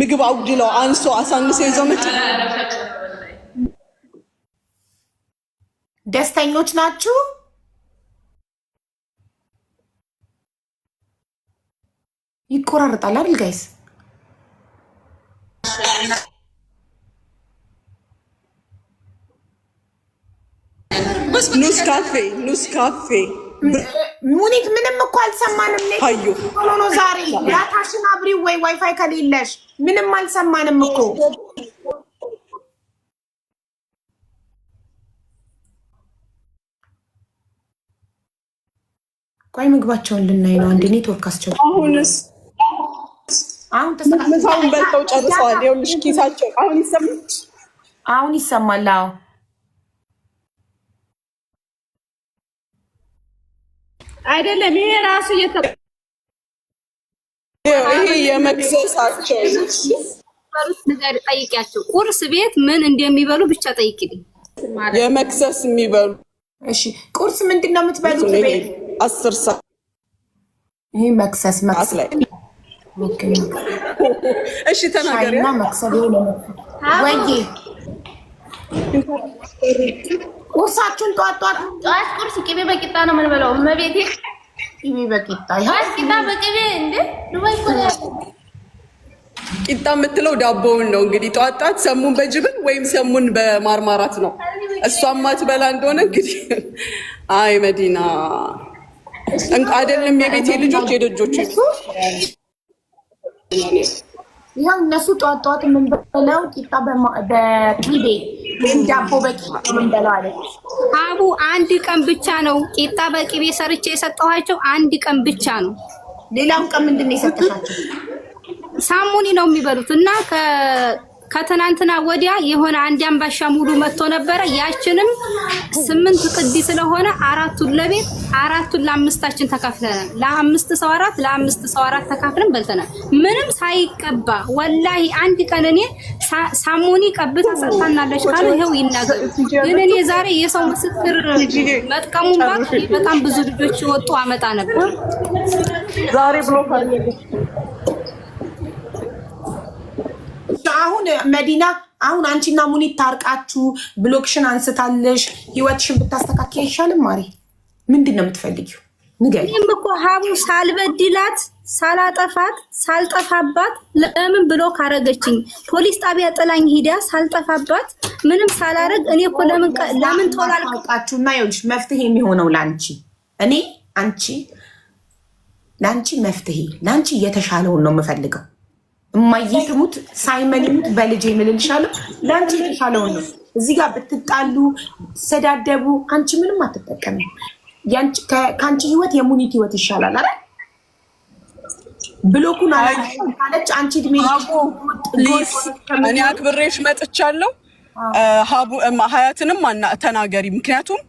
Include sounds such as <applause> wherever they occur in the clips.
ምግብ አጉድለው አንሶ አሳንሶ ይዞ መች ደስተኞች ናችሁ? ይቆራረጣል አይደል ጋይስ? ኑስ ካፌ ኑስ ካፌ ሙኒት ምንም እኮ አልሰማንም። ሆኖ ዛሬ ዳታሽን አብሪ ወይ ዋይፋይ ከሌለሽ ምንም አልሰማንም እኮ ቆይ ምግባቸውን ልናይ ነው። አንድ ኔትወርክ አስቸው አሁንስ አሁን ተስተካክለው በልተው ጨርሰዋል። ይኸውልሽ ኪሳቸው አሁን ይሰማል። አሁን ይሰማል። አዎ አይደለም ይሄ ራሱ እየተ ይሄ የመክሰሳቸው ጠይቂያቸው። ቁርስ ቤት ምን እንደሚበሉ ብቻ ጠይቂልኝ። የመክሰስ የሚበሉ እሺ፣ ቁርስ ምንድን ነው የምትበሉት? አስር ሰዓት ይሄ መክሰስ መክሰስ ላይ እሺ፣ ተናገሪ። መክሰስ ወይ ቁርሳችሁን ጠዋት ጠዋት ጠዋት ቁርስ ቅቤ በቂጣ ነው የምንበላው። እመቤቴ ቅቤ በቂጣ ይሁን ቂጣ በቅቤ እንደ ዱባይ እኮ ቂጣ የምትለው ዳቦውን ነው እንግዲህ። ጠዋት ጠዋት ሰሙን በጅብን ወይም ሰሙን በማርማራት ነው። እሷም ማትበላ እንደሆነ እንግዲህ <laughs> አይ መዲና አይደለም የቤቴ ልጆች የደጆች ይኸው እነሱ ጠዋት ጠዋት የምንበላው ቂጣ በቅቤ ዳቦ አቡ አንድ ቀን ብቻ ነው ቂጣ በቅቤ ሰርቼ የሰጠኋቸው አንድ ቀን ብቻ ነው። ሌላውን ቀን ምንድን ነው የሰጠሻቸው? ሳሙኒ ነው የሚበሉት እና ከትናንትና ወዲያ የሆነ አንድ አምባሻ ሙሉ መጥቶ ነበረ። ያችንም ስምንት ቅዲ ስለሆነ አራቱን ለቤት አራቱን ለአምስታችን ተካፍለናል። ለአምስት ሰው አራት ለአምስት ሰው አራት ተካፍለን በልተናል። ምንም ሳይቀባ ወላሂ አንድ ቀን እኔ ሳሙኒ ቀብታ ሰጥታናለች ካለ ይኸው ይናገር። ግን እኔ ዛሬ የሰው ምስክር መጥቀሙን ባክ በጣም ብዙ ልጆች ወጡ አመጣ ነበር ዛሬ ብሎ አሁን መዲና አሁን አንቺና ሙኒ ታርቃችሁ ብሎክሽን አንስታለሽ ህይወትሽን ብታስተካከ ይሻልም። ማሪ ምንድን ነው የምትፈልጊው? ንገሪም እኮ ሀቡ ሳልበድላት ሳላጠፋት ሳልጠፋባት ለምን ብሎ ካረገችኝ ፖሊስ ጣቢያ ጥላኝ ሂዳ ሳልጠፋባት ምንም ሳላረግ እኔ እኮ ለምን ለምን እና ይኸውልሽ መፍትሄ የሚሆነው ለአንቺ እኔ አንቺ ለአንቺ መፍትሄ ለአንቺ እየተሻለውን ነው የምፈልገው እማዬ ትሙት ሳይመን ይሙት በልጄ የምልልሻለሁ ለአንቺ የተሻለውን ነው። እዚህ ጋር ብትጣሉ ሰዳደቡ፣ አንቺ ምንም አትጠቀም። ከአንቺ ህይወት የሙኒት ህይወት ይሻላል አረ ብሎኩን አለች። አንቺ እድሜ እኔ አክብሬሽ መጥቻለሁ። ሀቡ ሀያትንም ተናገሪ፣ ምክንያቱም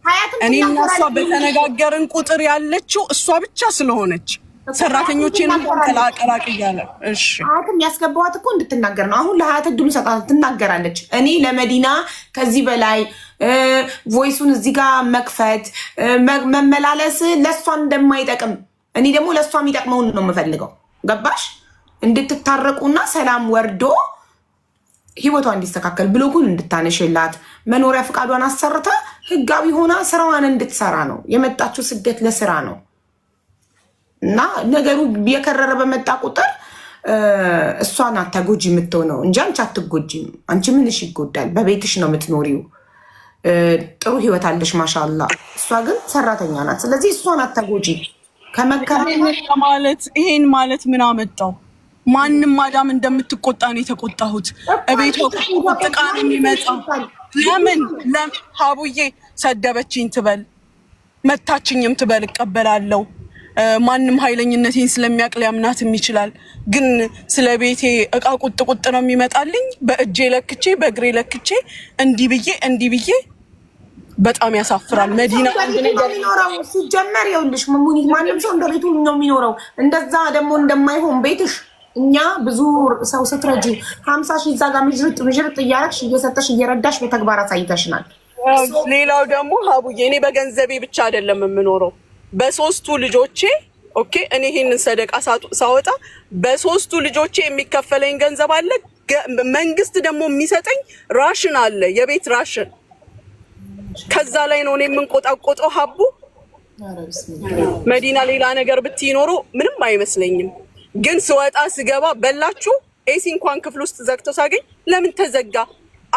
እኔ እና እሷ በተነጋገርን ቁጥር ያለችው እሷ ብቻ ስለሆነች ሰራተኞቼን ቀላቀላቅ እያለ ሀያትም ያስገባዋት እኮ እንድትናገር ነው። አሁን ለሀያት እድሉ ሰጣት፣ ትናገራለች። እኔ ለመዲና ከዚህ በላይ ቮይሱን እዚህ ጋር መክፈት መመላለስ ለእሷ እንደማይጠቅም እኔ ደግሞ ለእሷ የሚጠቅመውን ነው የምፈልገው። ገባሽ? እንድትታረቁና ሰላም ወርዶ ህይወቷ እንዲስተካከል ብሎጉን እንድታነሽላት መኖሪያ ፈቃዷን አሰርታ ህጋዊ ሆና ስራዋን እንድትሰራ ነው የመጣችው። ስደት ለስራ ነው። እና ነገሩ የከረረ በመጣ ቁጥር እሷን አታጎጂ የምትሆነው እንጂ አንቺ አትጎጂም። አንቺ ምንሽ ይጎዳል? በቤትሽ ነው የምትኖሪው። ጥሩ ህይወት አለሽ ማሻላ። እሷ ግን ሰራተኛ ናት። ስለዚህ እሷን አታጎጂ። ከመከማለት ይሄን ማለት ምን አመጣው? ማንም ማዳም እንደምትቆጣ ነው የተቆጣሁት። እቤት የሚመጣ ለምን ሀቡዬ ሰደበችኝ ትበል መታችኝም ትበል እቀበላለሁ ማንም ኃይለኝነቴን ስለሚያውቅ ሊያምናትም ይችላል። ግን ስለ ቤቴ እቃ ቁጥ ቁጥ ነው የሚመጣልኝ። በእጄ ለክቼ በእግሬ ለክቼ እንዲህ ብዬ እንዲህ ብዬ በጣም ያሳፍራል። መዲና ሲጀመር ይኸውልሽ፣ ሙኒት ማንም ሰው እንደ ቤቱ ነው የሚኖረው። እንደዛ ደግሞ እንደማይሆን ቤትሽ እኛ ብዙ ሰው ስትረጂ ሀምሳ ሺህ እዛ ጋር ምዥርጥ ምዥርጥ እያረግሽ እየሰጠሽ እየረዳሽ በተግባር አሳይተሽናል። ሌላው ደግሞ ሀቡዬ እኔ በገንዘቤ ብቻ አይደለም የምኖረው በሶስቱ ልጆቼ ኦኬ፣ እኔ ይህንን ሰደቃ ሳወጣ በሶስቱ ልጆቼ የሚከፈለኝ ገንዘብ አለ። መንግስት ደግሞ የሚሰጠኝ ራሽን አለ፣ የቤት ራሽን። ከዛ ላይ ነው እኔ የምንቆጣቆጠው። ሀቡ መዲና፣ ሌላ ነገር ብትኖሮ ምንም አይመስለኝም፣ ግን ስወጣ ስገባ በላችሁ ኤሲ እንኳን ክፍል ውስጥ ዘግቶ ሳገኝ ለምን ተዘጋ?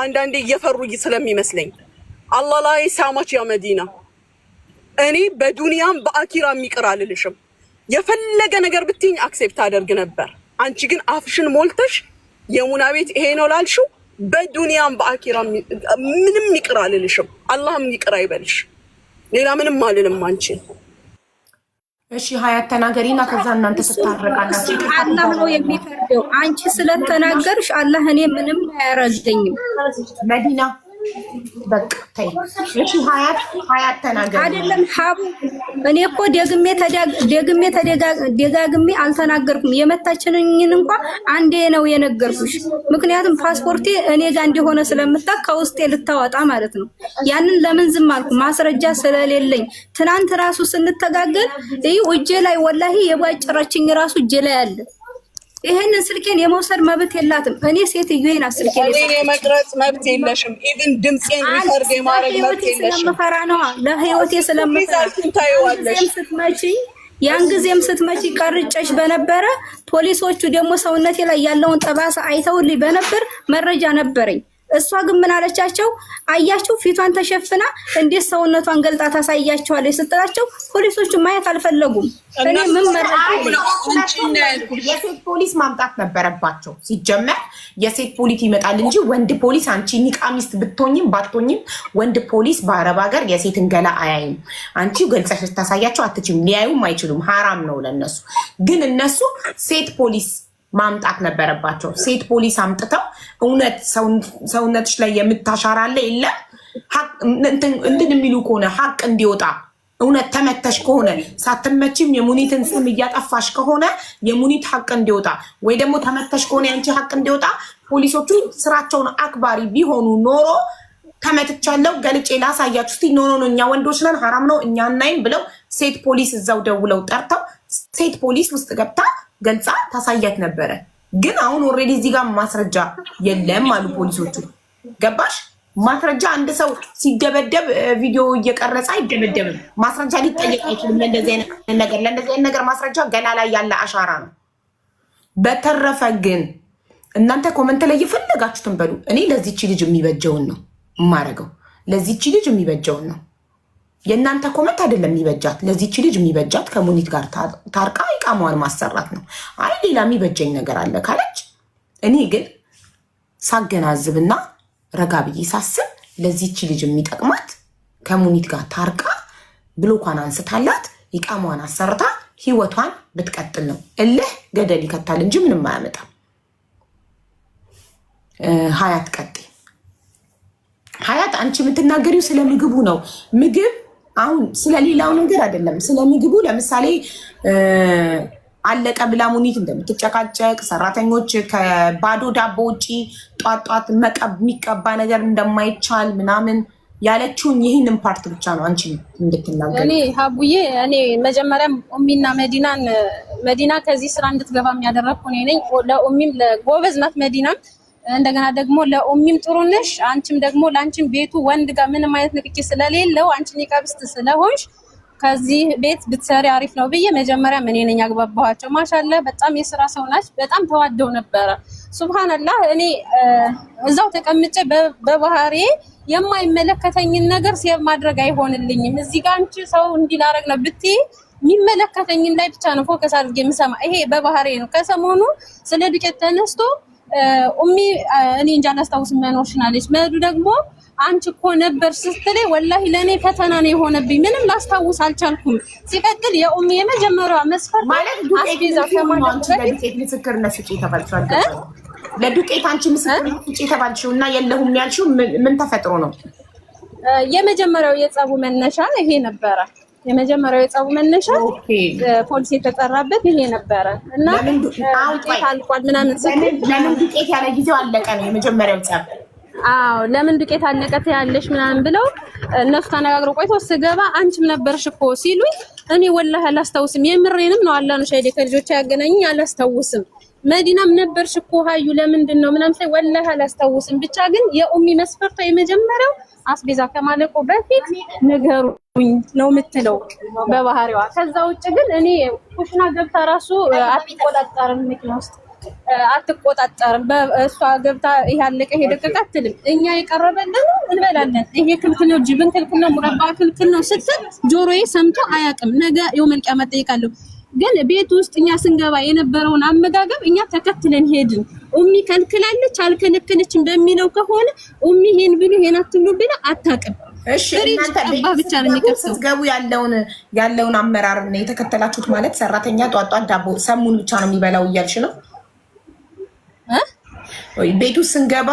አንዳንዴ እየፈሩ ስለሚመስለኝ አላህ ላይ ሳማች ያ መዲና እኔ በዱንያም በአኪራም ይቅር አልልሽም። የፈለገ ነገር ብትኝ አክሴፕት አደርግ ነበር። አንቺ ግን አፍሽን ሞልተሽ የሙና ቤት ይሄ ነው ላልሽው በዱንያም በአኪራም ምንም ይቅር አልልሽም። አላህም ይቅር አይበልሽ። ሌላ ምንም አልልም አንቺን። እሺ ሀያት ተናገሪና ከዛ እናንተ ትታረቃላችሁ። አላህ ነው የሚፈርደው። አንቺ ስለተናገርሽ አላህ እኔ ምንም አያረገኝም። መዲና አይደለም ሀቡ፣ እኔ እኮ ደግሜ ደግሜ ደጋግሜ አልተናገርኩም። የመታችንኝን እንኳ አንዴ ነው የነገርኩሽ። ምክንያቱም ፓስፖርቴ እኔ ጋር እንደሆነ ስለምታ ከውስጤ ልታወጣ ማለት ነው። ያንን ለምን ዝም አልኩ? ማስረጃ ስለሌለኝ። ትናንት ራሱ ስንተጋገል እዩ እጄ ላይ ወላሂ የቧጨረችኝ ራሱ እጄ ላይ አለ ይሄንን ስልኬን የመውሰድ መብት የላትም። እኔ ሴትዮ ሴትዮና ስልኬን የመቅረጽ መብት የለሽም። ኢቭን ድምጼን ሪከርድ የማድረግ መብት የለሽም። ስለምፈራ ነዋ፣ ለህይወቴ ስለምፈራ ስትመጪ ያን ጊዜም ስትመጪ ቀርጨሽ በነበረ ፖሊሶቹ ደግሞ ሰውነቴ ላይ ያለውን ጠባሳ አይተውልኝ በነበር መረጃ ነበረኝ። እሷ ግን ምን አለቻቸው? አያችሁ ፊቷን ተሸፍና እንዴት ሰውነቷን ገልጣ ታሳያቸዋለች ስትላቸው ፖሊሶቹ ማየት አልፈለጉም። እኔ ምን የሴት ፖሊስ ማምጣት ነበረባቸው። ሲጀመር የሴት ፖሊስ ይመጣል እንጂ ወንድ ፖሊስ አንቺ ኒቃ ሚስት ብትሆኝም ባትሆኝም ወንድ ፖሊስ በአረብ ሀገር የሴትን ገላ አያይም። አንቺ ገልጸሽ ልታሳያቸው አትችም። ሊያዩም አይችሉም። ሀራም ነው ለነሱ። ግን እነሱ ሴት ፖሊስ ማምጣት ነበረባቸው። ሴት ፖሊስ አምጥተው እውነት ሰውነትሽ ላይ የምታሻራለ የለም እንትን የሚሉ ከሆነ ሀቅ እንዲወጣ እውነት ተመተሽ ከሆነ ሳትመችም የሙኒትን ስም እያጠፋሽ ከሆነ የሙኒት ሀቅ እንዲወጣ ወይ ደግሞ ተመተሽ ከሆነ ያንቺ ሀቅ እንዲወጣ ፖሊሶቹ ስራቸውን አክባሪ ቢሆኑ ኖሮ ተመትቻለሁ ገልጬ ላሳያችሁ እስቲ ኖኖ ነው እኛ ወንዶች ነን ሀራም ነው እኛ እናይም ብለው ሴት ፖሊስ እዛው ደውለው ጠርተው ሴት ፖሊስ ውስጥ ገብታ ገልጻ ታሳያት ነበረ። ግን አሁን ኦልሬዲ እዚህ ጋር ማስረጃ የለም አሉ ፖሊሶቹ። ገባሽ? ማስረጃ አንድ ሰው ሲደበደብ ቪዲዮ እየቀረጸ አይደበደብም። ማስረጃ ሊጠየቅ አይችልም። ለእንደዚህ አይነት ነገር ለእንደዚህ አይነት ነገር ማስረጃ ገላ ላይ ያለ አሻራ ነው። በተረፈ ግን እናንተ ኮመንት ላይ የፈለጋችሁትን በሉ። እኔ ለዚች ልጅ የሚበጀውን ነው የማረገው። ለዚች ልጅ የሚበጀውን ነው የእናንተ ኮመንት አይደለም የሚበጃት ለዚች ልጅ የሚበጃት ከሙኒት ጋር ታርቃ ይቃመዋን ማሰራት ነው። አይ ሌላ የሚበጀኝ ነገር አለ ካለች እኔ ግን ሳገናዝብና ረጋ ብዬ ሳስብ ለዚች ልጅ የሚጠቅማት ከሙኒት ጋር ታርቃ ብሎኳን አንስታላት ይቃመዋን አሰርታ ህይወቷን ብትቀጥል ነው። እልህ ገደል ይከታል እንጂ ምንም አያመጣም። ሀያት ቀጤ ሀያት አንቺ የምትናገሪው ስለ ምግቡ ነው ምግብ አሁን ስለሌላው ነገር አይደለም። ስለ ምግቡ ለምሳሌ አለቀ ብላ ሙኒት እንደምትጨቃጨቅ ሰራተኞች ከባዶ ዳቦ ውጪ ጧት ጧት የሚቀባ ነገር እንደማይቻል ምናምን ያለችውን ይህንን ፓርት ብቻ ነው አንቺ እንድትናገር። እኔ ሀቡዬ እኔ መጀመሪያም ኦሚና መዲናን መዲና ከዚህ ስራ እንድትገባ የሚያደረግኩ እኔ ነኝ። ለኦሚም ለጎበዝ ናት መዲናም እንደገና ደግሞ ለኡሚም ጥሩ ነሽ። አንቺም ደግሞ ለአንቺም ቤቱ ወንድ ጋር ምንም አይነት ንክኪ ስለሌለው አንቺ ኒቃብስት ስለሆንሽ ከዚህ ቤት ብትሰሪ አሪፍ ነው ብዬ መጀመሪያ እኔ ነኝ ያግባባኋቸው። ማሻላ በጣም የስራ ሰው ናች። በጣም ተዋደው ነበረ። ሱብሃንአላህ እኔ እዛው ተቀምጬ በባህሬ የማይመለከተኝን ነገር ሴቭ ማድረግ አይሆንልኝም። እዚህ ጋር አንቺ ሰው እንዲላረግ ነው ብትይ የሚመለከተኝን ላይ ብቻ ነው ፎከስ አድርጌ የምሰማ። ይሄ በባህሬ ነው። ከሰሞኑ ስለ ዱቄት ተነስቶ ኡሚ እኔ እንጃ አላስታውስም መኖርሽን አለች። መዱ ደግሞ አንቺ እኮ ነበር ስትለኝ ወላሂ ለእኔ ፈተና ነው የሆነብኝ። ምንም ላስታውስ አልቻልኩም። ሲቀጥል የኡሚ የመጀመሪያዋ መስፈርት ማለት አስቤዛ ከማለት በፊት ምስክርነት ስጪ ተባልሽው ለዱቄት አንቺ ምስክርነት ስጪ ተባልሽው እና የለሁም ያልሽው ምን ተፈጥሮ ነው? የመጀመሪያው የጸቡ መነሻ ይሄ ነበረ። የመጀመሪያው የጸቡ መነሻ ፖሊስ የተጠራበት ይሄ ነበረ እና ውጤት አልቋል ምናምን ለምን ዱቄት ያለ ጊዜው አለቀ ነው የመጀመሪያው ጸብ። አዎ ለምን ዱቄት አለቀት ያለሽ ምናምን ብለው እነሱ ተነጋግረው ቆይተው ስገባ አንቺም ነበርሽ እኮ ሲሉኝ እኔ ወላህ አላስታውስም። የምሬንም ነው አላ ነው ሻይዴ ከልጆች ያገናኝ አላስታውስም። መዲናም ነበርሽ እኮ ሀዩ ለምንድን ነው ምናምን ሳይ ወላህ አላስታውስም። ብቻ ግን የኡሚ መስፈርቷ የመጀመሪያው አስቤዛ ከማለቁ በፊት ንገሩ ነው የምትለው በባህሪዋ። ከዛ ውጭ ግን እኔ ኩሽና ገብታ ራሱ አትቆጣጠርም፣ መኪና ውስጥ አትቆጣጠርም። እሷ ገብታ ያለቀ ሄደቀቀ አትልም። እኛ የቀረበልን እንበላለን። ይሄ ክልክል ነው፣ ጅብን ክልክል ነው፣ ሙረባ ክልክል ነው ስትል ጆሮዬ ሰምቶ አያውቅም። ነገ የውመልቂያ መጠይቃለሁ። ግን ቤት ውስጥ እኛ ስንገባ የነበረውን አመጋገብ እኛ ተከትለን ሄድን። ኡሚ ከልክላለች አልከለከለችም በሚለው ከሆነ ኡሚ ይሄን ብሉ ይሄን አትብሉ ብላ አታውቅም። እሺ እናንተ ብቻ ነው የሚቀርሰው። ስትገቡ ያለውን ያለውን አመራር ነው የተከተላችሁት ማለት ሰራተኛ ጧጧ ዳቦ ሰሙን ብቻ ነው የሚበላው እያልሽ ነው። ቤቱ ስንገባ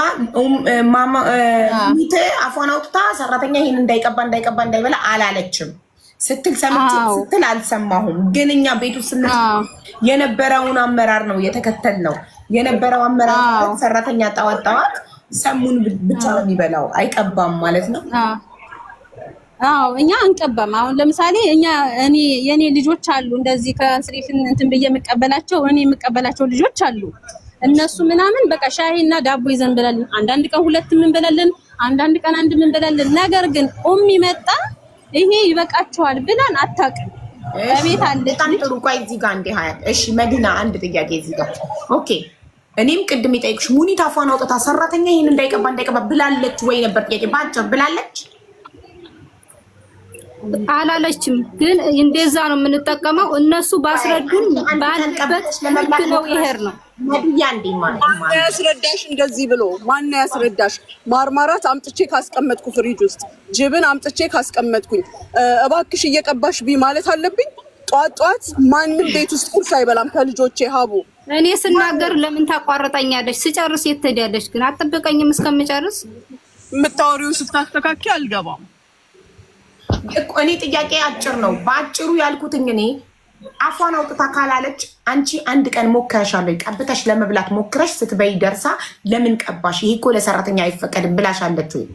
ሚት አፏን አውጥታ ሰራተኛ ይህን እንዳይቀባ እንዳይቀባ እንዳይበላ አላለችም ስትል ሰምቼ ስትል አልሰማሁም። ግን እኛ ቤቱ ስን የነበረውን አመራር ነው የተከተል ነው የነበረው አመራር ሰራተኛ ጠዋት ጠዋት ሰሙን ብቻ ነው የሚበላው አይቀባም ማለት ነው። አዎ እኛ አንቀባም። አሁን ለምሳሌ እኛ እኔ የኔ ልጆች አሉ እንደዚህ ከስሪፍን እንትን ብዬ የምቀበላቸው እኔ የምቀበላቸው ልጆች አሉ። እነሱ ምናምን በቃ ሻሂና ዳቦ ይዘን እንበላለን። አንዳንድ ቀን ሁለት እንበላለን፣ አንዳንድ ቀን አንድ እንበላለን። ነገር ግን ኡሚ መጣ ይሄ ይበቃቸዋል ብለን አታውቅም። በቤት አለ በጣም ጥሩ። ቆይ እዚህ ጋር እንደ ሀያ እሺ፣ መዲና አንድ ጥያቄ እዚህ ጋር ኦኬ። እኔም ቅድም የጠየቅሽ ሙኒት አፏን አውጥታ ሰራተኛ ይሄን እንዳይቀባ እንዳይቀባ ብላለች ወይ ነበር ጥያቄ። ባጭር ብላለች አላለችም። ግን እንደዛ ነው የምንጠቀመው። እነሱ ባስረዱን ባልበት ልክ ነው። ይሄር ነው ማነው ያስረዳሽ? እንደዚህ ብሎ ማን ያስረዳሽ? ማርማራት አምጥቼ ካስቀመጥኩ ፍሪጅ ውስጥ ጅብን አምጥቼ ካስቀመጥኩኝ እባክሽ እየቀባሽ ቢ ማለት አለብኝ? ጧት ጧት ማንም ቤት ውስጥ ቁርስ አይበላም ከልጆቼ ሀቡ እኔ ስናገር ለምን ታቋርጠኛለች? ስጨርስ የት ትሄዳለች? ግን አጠብቀኝም እስከምጨርስ የምታወሪውን ስታስተካኪ አልገባም እኔ ጥያቄ አጭር ነው። በአጭሩ ያልኩትኝ እኔ አፏን አውጥታ ካላለች አንቺ አንድ ቀን ሞክረሻል ለ ቀብተሽ ለመብላት ሞክረሽ ስትበይ ደርሳ ለምን ቀባሽ ይሄ እኮ ለሰራተኛ አይፈቀድም ብላሻለች ወይ?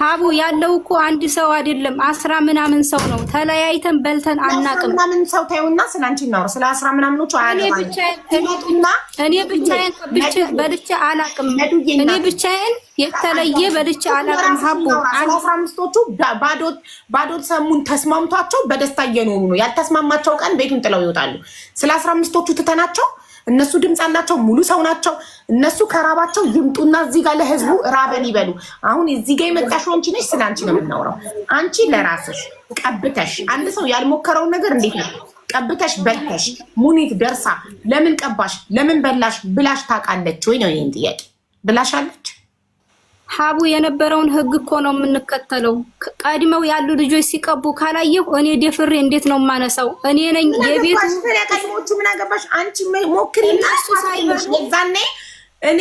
ሀቡ ያለው እኮ አንድ ሰው አይደለም፣ አስራ ምናምን ሰው ነው። ተለያይተን በልተን አናውቅም። ምናምን ሰው ታዩና ስለ አንቺ እናወራ። ስለ አስራ ምናምኖቹ እኔ ብቻዬን በልቼ አላውቅም። እኔ ብቻዬን የተለየ በልቼ አላቅም። ሀቡ አስራ አምስቶቹ ባዶት ሰሙን ተስማምቷቸው በደስታ እየኖሩ ነው። ያልተስማማቸው ቀን ቤቱን ጥለው ይወጣሉ። ስለ አስራ አምስቶቹ ትተናቸው እነሱ ድምፅ አላቸው፣ ሙሉ ሰው ናቸው። እነሱ ከራባቸው ይምጡና እዚህ ጋር ለህዝቡ ራበን ይበሉ። አሁን እዚህ ጋር የመጣሽው አንቺ ነሽ፣ ስለ አንቺ ነው የምናውረው። አንቺ ለራስሽ ቀብተሽ አንድ ሰው ያልሞከረውን ነገር እንዴት ነው ቀብተሽ በልተሽ ሙኒት ደርሳ ለምን ቀባሽ ለምን በላሽ ብላሽ ታውቃለች ወይ ነው ይህን ጥያቄ ብላሻለች? ሀቡ የነበረውን ህግ እኮ ነው የምንከተለው። ቀድመው ያሉ ልጆች ሲቀቡ ካላየሁ እኔ ደፍሬ እንዴት ነው የማነሳው? እኔ ነኝ የቤቱ ቀድሞቹ። ምን አገባሽ አንቺ? ሞክሪና ሳይዛኔ እኔ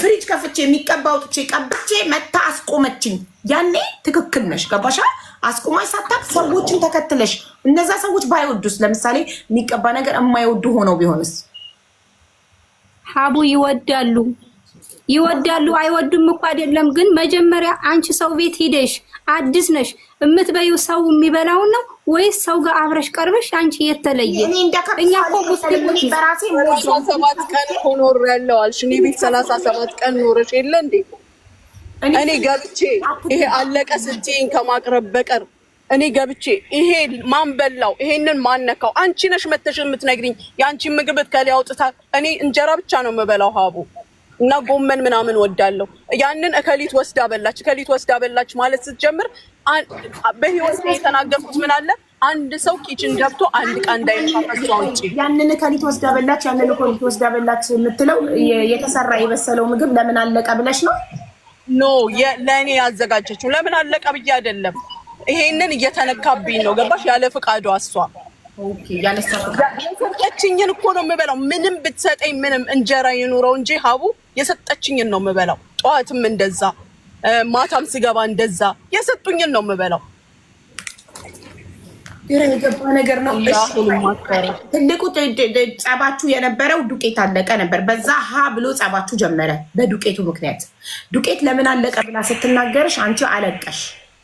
ፍሪጅ ከፍቼ የሚቀባ አውጥቼ ቀብቼ መታ አስቆመችኝ። ያኔ ትክክል ነሽ። ገባሻ? አስቆማሽ ሳታቅ ሰዎችን ተከትለሽ እነዛ ሰዎች ባይወዱስ? ለምሳሌ የሚቀባ ነገር የማይወዱ ሆነው ቢሆንስ? ሀቡ ይወዳሉ። ይወዳሉ አይወዱም እኮ አይደለም። ግን መጀመሪያ አንቺ ሰው ቤት ሂደሽ አዲስ ነሽ የምትበይው ሰው የሚበላውን ነው ወይስ ሰው ጋር አብረሽ ቀርበሽ አንቺ የተለየ? እኛ እኮ ሙስሊሞች ሰላሳ ሰባት ቀን ኖር ያለው አልሽ። እኔ ቤት ሰላሳ ሰባት ቀን ኖረሽ የለ እንዴ? እኔ ገብቼ ይሄ አለቀ ስትይኝ ከማቅረብ በቀር እኔ ገብቼ ይሄ ማን በላው ይሄንን ማን ነካው? አንቺ ነሽ መተሽ የምትነግሪኝ የአንቺ ምግብ ከሊያውጥታ እኔ እንጀራ ብቻ ነው የምበላው ሀቡ እና ጎመን ምናምን ወዳለሁ። ያንን እከሊት ወስዳ በላች፣ እከሊት ወስዳ በላች ማለት ስትጀምር በህይወት የተናገርኩት ምን አለ አንድ ሰው ኪችን ገብቶ አንድ ዕቃ እንዳይነካ ውጭ። ያንን እከሊት ወስዳ በላች፣ ያንን እከሊት ወስዳ በላች የምትለው የተሰራ የበሰለው ምግብ ለምን አለቀ ብለሽ ነው? ኖ ለእኔ ያዘጋጀችው ለምን አለቀ ብዬ አይደለም። ይሄንን እየተነካብኝ ነው። ገባሽ? ያለ ፍቃዷ እሷ ያለሰጠችኝን እኮ ነው የምበላው። ምንም ብትሰጠኝ ምንም እንጀራ ይኑረው እንጂ ሀቡ የሰጠችኝን ነው የምበላው። ጠዋትም እንደዛ፣ ማታም ስገባ እንደዛ የሰጡኝን ነው የምበላው። ግራ የገባ ነገር ነው። ትልቁ ጸባችሁ የነበረው ዱቄት አለቀ ነበር። በዛ ሀ ብሎ ጸባችሁ ጀመረ በዱቄቱ ምክንያት። ዱቄት ለምን አለቀ ብላ ስትናገርሽ አንቺ አለቀሽ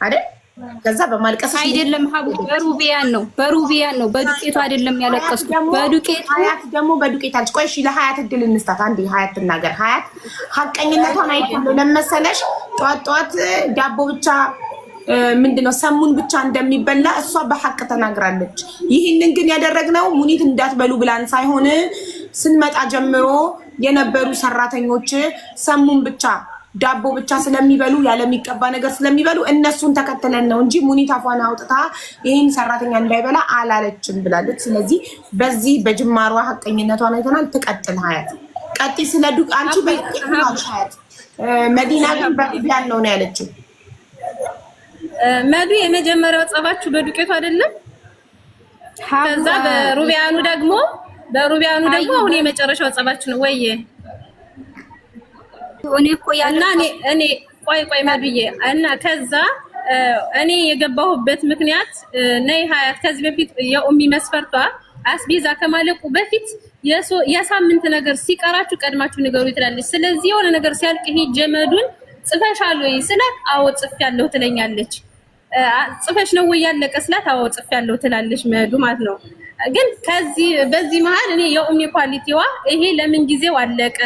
አይደል? ከዛ በማልቀስ አይደለም ሀቡ በሩቢያን ነው በሩቢያን ነው በዱቄቱ አይደለም ያለቀስኩ በዱቄቱ ሀያት ደግሞ በዱቄት አልች። ቆይ እሺ ለሀያት እድል እንስታት አንድ ሀያት ትናገር። ሀያት ሀቀኝነቷን አይደለም ለመሰለሽ ጠዋት ጠዋት ዳቦ ብቻ ምንድነው ሰሙን ብቻ እንደሚበላ እሷ በሀቅ ተናግራለች። ይህንን ግን ያደረግነው ሙኒት እንዳትበሉ ብላን ሳይሆን ስንመጣ ጀምሮ የነበሩ ሰራተኞች ሰሙን ብቻ ዳቦ ብቻ ስለሚበሉ ያለሚቀባ ነገር ስለሚበሉ እነሱን ተከትለን ነው እንጂ ሙኒት አፏን አውጥታ ይህን ሰራተኛ እንዳይበላ አላለችም ብላለች። ስለዚህ በዚህ በጅማሯ ሀቀኝነቷን አይተናል። ትቀጥል ሀያት ቀጢ ስለ ዱ አንቺ ሀያት መዲና ግን በቅቢያን ነው ነው ያለችው። መዱ የመጀመሪያው ጸባችሁ በዱቄቱ አይደለም። ከዛ በሩቢያኑ ደግሞ በሩቢያኑ ደግሞ አሁን የመጨረሻው ጸባችሁ ነው ወይ እኔ እኮ ያና እኔ ቆይ ቆይ መዱዬ እና ከዛ እኔ የገባሁበት ምክንያት ነይ ሀያት ከዚህ በፊት የኡሚ መስፈርቷ አስቤዛ ከማለቁ በፊት የሳምንት ነገር ሲቀራችሁ ቀድማችሁ ንገሩ ትላለች። ስለዚህ የሆነ ነገር ሲያልቅ ይሄ ጀመዱን ጽፈሻል ወይ ስላት አዎ ጽፌያለሁ ትለኛለች። ጽፈሽ ነው ወይ ያለቀ ስላት አዎ ጽፌያለሁ ትላለች። መዱ ማለት ነው። ግን ከዚህ በዚህ መሀል እኔ የኡሚ ኳሊቲዋ ይሄ ለምን ጊዜው አለቀ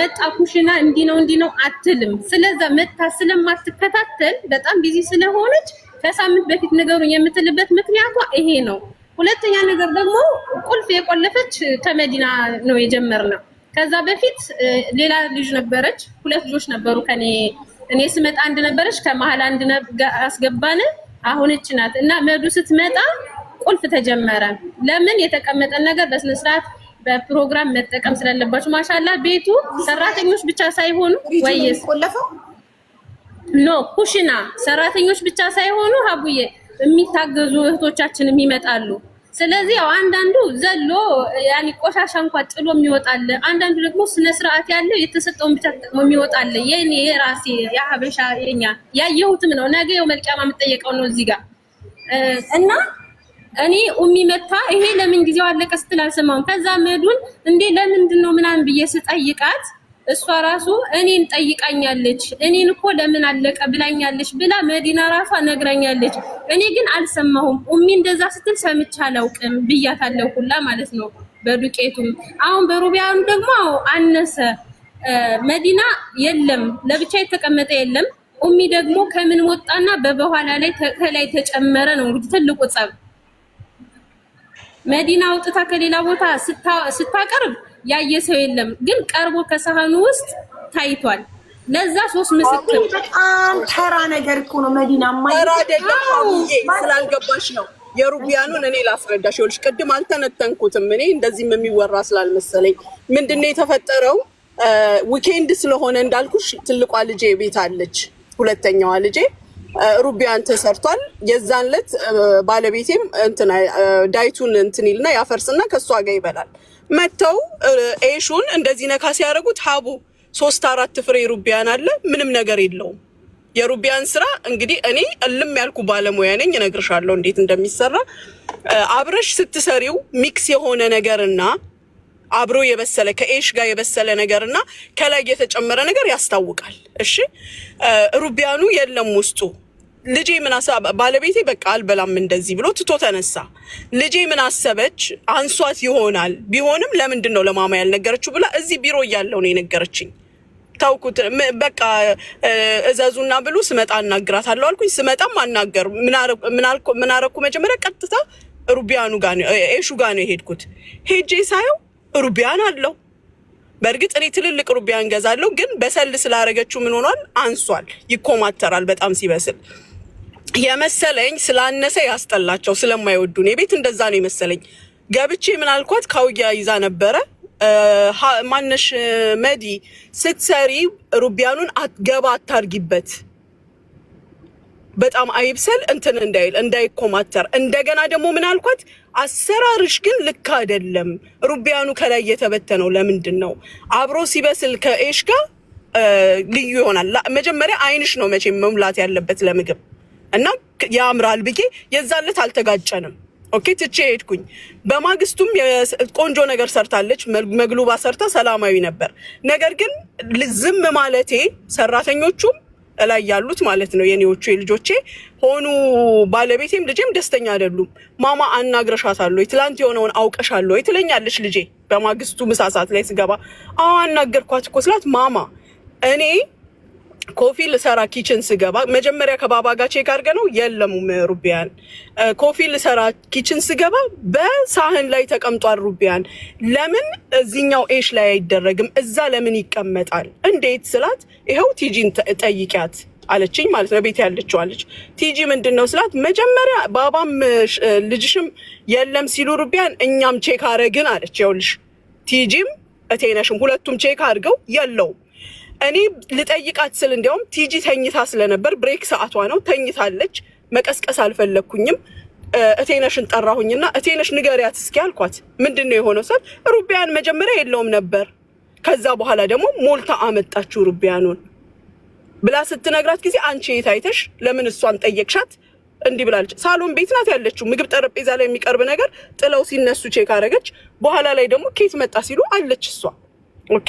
መጣ ኩሽና እንዲህ ነው እንዲ ነው አትልም። ስለዛ መጣ ስለማትከታተል በጣም ቢዚ ስለሆነች ከሳምንት በፊት ነገሩን የምትልበት ምክንያቷ ይሄ ነው። ሁለተኛ ነገር ደግሞ ቁልፍ የቆለፈች ከመዲና ነው የጀመርነው። ከዛ በፊት ሌላ ልጅ ነበረች፣ ሁለት ልጆች ነበሩ ከኔ እኔ ስመጣ አንድ ነበረች፣ ከመሀል አንድ አስገባን። አሁን ናት እና መዱ ስትመጣ ቁልፍ ተጀመረ። ለምን የተቀመጠን ነገር በስነ ስርዓት በፕሮግራም መጠቀም ስላለባቸው ማሻላ ቤቱ ሰራተኞች ብቻ ሳይሆኑ ወይስ ኖ ኩሽና ሰራተኞች ብቻ ሳይሆኑ ሀቡዬ የሚታገዙ እህቶቻችንም ይመጣሉ። ስለዚህ ያው አንዳንዱ ዘሎ ያኔ ቆሻሻ እንኳን ጥሎ የሚወጣለ፣ አንዳንዱ ደግሞ ስነ ስርዓት ያለው የተሰጠውን ብቻ ተጠቅሞ የሚወጣለ። የኔ የራሴ የሀበሻ የኛ ያየሁትም ነው። ነገ የው መልቂያማ የምጠየቀው ነው እዚህ ጋር እና እኔ ኡሚ መታ ይሄ ለምን ጊዜው አለቀ ስትል አልሰማሁም። ከዛ መዱን እንዴ ለምንድን ነው ምናምን ብዬ ስጠይቃት እሷ ራሱ እኔን ጠይቃኛለች። እኔን እኮ ለምን አለቀ ብላኛለች ብላ መዲና ራሷ ነግራኛለች። እኔ ግን አልሰማሁም። ኡሚ እንደዛ ስትል ሰምቼ አላውቅም ብያታለሁ ሁላ ማለት ነው። በዱቄቱም አሁን በሩቢያኑ ደግሞ አነሰ መዲና የለም፣ ለብቻ የተቀመጠ የለም። ኡሚ ደግሞ ከምን ወጣና በበኋላ ላይ ከላይ ተጨመረ ነው እንግዲህ ትልቁ ጸብ መዲና አውጥታ ከሌላ ቦታ ስታቀርብ ያየ ሰው የለም፣ ግን ቀርቦ ከሳህኑ ውስጥ ታይቷል። ለዛ ሶስት ምስክር። በጣም ተራ ነገር እኮ ነው። መዲና ተራ ስላልገባሽ ነው። የሩቢያኑን እኔ ላስረዳሽ። ይኸውልሽ ቅድም አልተነተንኩትም እኔ እንደዚህም የሚወራ ስላልመሰለኝ ምንድን ነው የተፈጠረው? ዊኬንድ ስለሆነ እንዳልኩሽ ትልቋ ልጄ ቤት አለች፣ ሁለተኛዋ ልጄ ሩቢያን ተሰርቷል። የዛን ዕለት ባለቤቴም እንትን ዳይቱን እንትን ይልና ያፈርስና ከእሷ ጋር ይበላል። መጥተው ኤሹን እንደዚህ ነካ ሲያደርጉት ሀቡ ሶስት አራት ፍሬ ሩቢያን አለ። ምንም ነገር የለውም። የሩቢያን ስራ እንግዲህ እኔ እልም ያልኩ ባለሙያ ነኝ፣ እነግርሻለሁ እንዴት እንደሚሰራ አብረሽ ስትሰሪው ሚክስ የሆነ ነገርና አብሮ የበሰለ ከኤሽ ጋር የበሰለ ነገር እና ከላይ የተጨመረ ነገር ያስታውቃል። እሺ ሩቢያኑ የለም ውስጡ ልጄ ምን አሰበ፣ ባለቤቴ በቃ አልበላም እንደዚህ ብሎ ትቶ ተነሳ። ልጄ ምን አሰበች፣ አንሷት ይሆናል ቢሆንም ለምንድን ነው ለማማ ያልነገረችው ብላ እዚህ ቢሮ እያለው ነው የነገረችኝ። ታውኩት በቃ እዘዙና ብሉ፣ ስመጣ አናግራታለሁ አልኩኝ። ስመጣም አናገሩ። ምናረኩ መጀመሪያ? ቀጥታ ሩቢያኑ ጋ ኤሹ ጋ ነው የሄድኩት። ሄጄ ሳየው ሩቢያን አለው። በእርግጥ እኔ ትልልቅ ሩቢያን ገዛለሁ፣ ግን በሰል ስላረገችው ምን ሆኗል? አንሷል። ይኮማተራል በጣም ሲበስል የመሰለኝ ስላነሰ ያስጠላቸው ስለማይወዱ እኔ ቤት እንደዛ ነው የመሰለኝ። ገብቼ ምን አልኳት፣ ካውያ ይዛ ነበረ ማነሽ መዲ ስትሰሪ ሩቢያኑን አትገባ አታርጊበት በጣም አይብሰል እንትን እንዳይል እንዳይኮማተር። እንደገና ደግሞ ምን አልኳት፣ አሰራርሽ ግን ልክ አይደለም። ሩቢያኑ ከላይ የተበተነው ለምንድን ነው? አብሮ ሲበስል ከኤሽ ጋር ልዩ ይሆናል። መጀመሪያ አይንሽ ነው መቼ መሙላት ያለበት ለምግብ እና ያምራል ብዬ የዛለት አልተጋጨንም። ኦኬ ትቼ ሄድኩኝ። በማግስቱም ቆንጆ ነገር ሰርታለች። መግሉባ ሰርታ ሰላማዊ ነበር። ነገር ግን ዝም ማለቴ ሰራተኞቹም እላይ ያሉት ማለት ነው የኔዎቹ የልጆቼ ሆኑ ባለቤቴም ልጄም ደስተኛ አይደሉም። ማማ አናግረሻታል ወይ ትላንት የሆነውን አውቀሻል ወይ ትለኛለች ልጄ በማግስቱ ምሳ ሰዓት ላይ ስገባ። አዎ አናገርኳት እኮ ስላት ማማ እኔ ኮፊ ልሰራ ኪችን ስገባ መጀመሪያ ከባባ ጋር ቼክ አድርገ ነው የለሙም ሩቢያን። ኮፊ ልሰራ ኪችን ስገባ በሳህን ላይ ተቀምጧል ሩቢያን። ለምን እዚኛው ኤሽ ላይ አይደረግም? እዛ ለምን ይቀመጣል? እንዴት ስላት ይኸው ቲጂን ጠይቂያት አለችኝ ማለት ነው። ቤት ያለችው አለች። ቲጂ ምንድን ነው ስላት መጀመሪያ ባባም ልጅሽም የለም ሲሉ ሩቢያን እኛም ቼክ አረግን አለች። ይኸውልሽ ቲጂም እቴነሽም ሁለቱም ቼክ አድርገው የለውም እኔ ልጠይቃት ስል እንዲያውም ቲጂ ተኝታ ስለነበር ብሬክ ሰዓቷ ነው ተኝታለች። መቀስቀስ አልፈለግኩኝም። እቴነሽን ጠራሁኝና እቴነሽ ንገሪያት እስኪ አልኳት። ምንድን ነው የሆነው ሰል ሩቢያን መጀመሪያ የለውም ነበር ከዛ በኋላ ደግሞ ሞልታ አመጣችው ሩቢያኑን ብላ ስትነግራት ጊዜ አንቺ የት አይተሽ ለምን እሷን ጠየቅሻት? እንዲህ ብላለች። ሳሎን ቤት ናት ያለችው። ምግብ ጠረጴዛ ላይ የሚቀርብ ነገር ጥለው ሲነሱ ቼክ አረገች። በኋላ ላይ ደግሞ ኬት መጣ ሲሉ አለች እሷ ኦኬ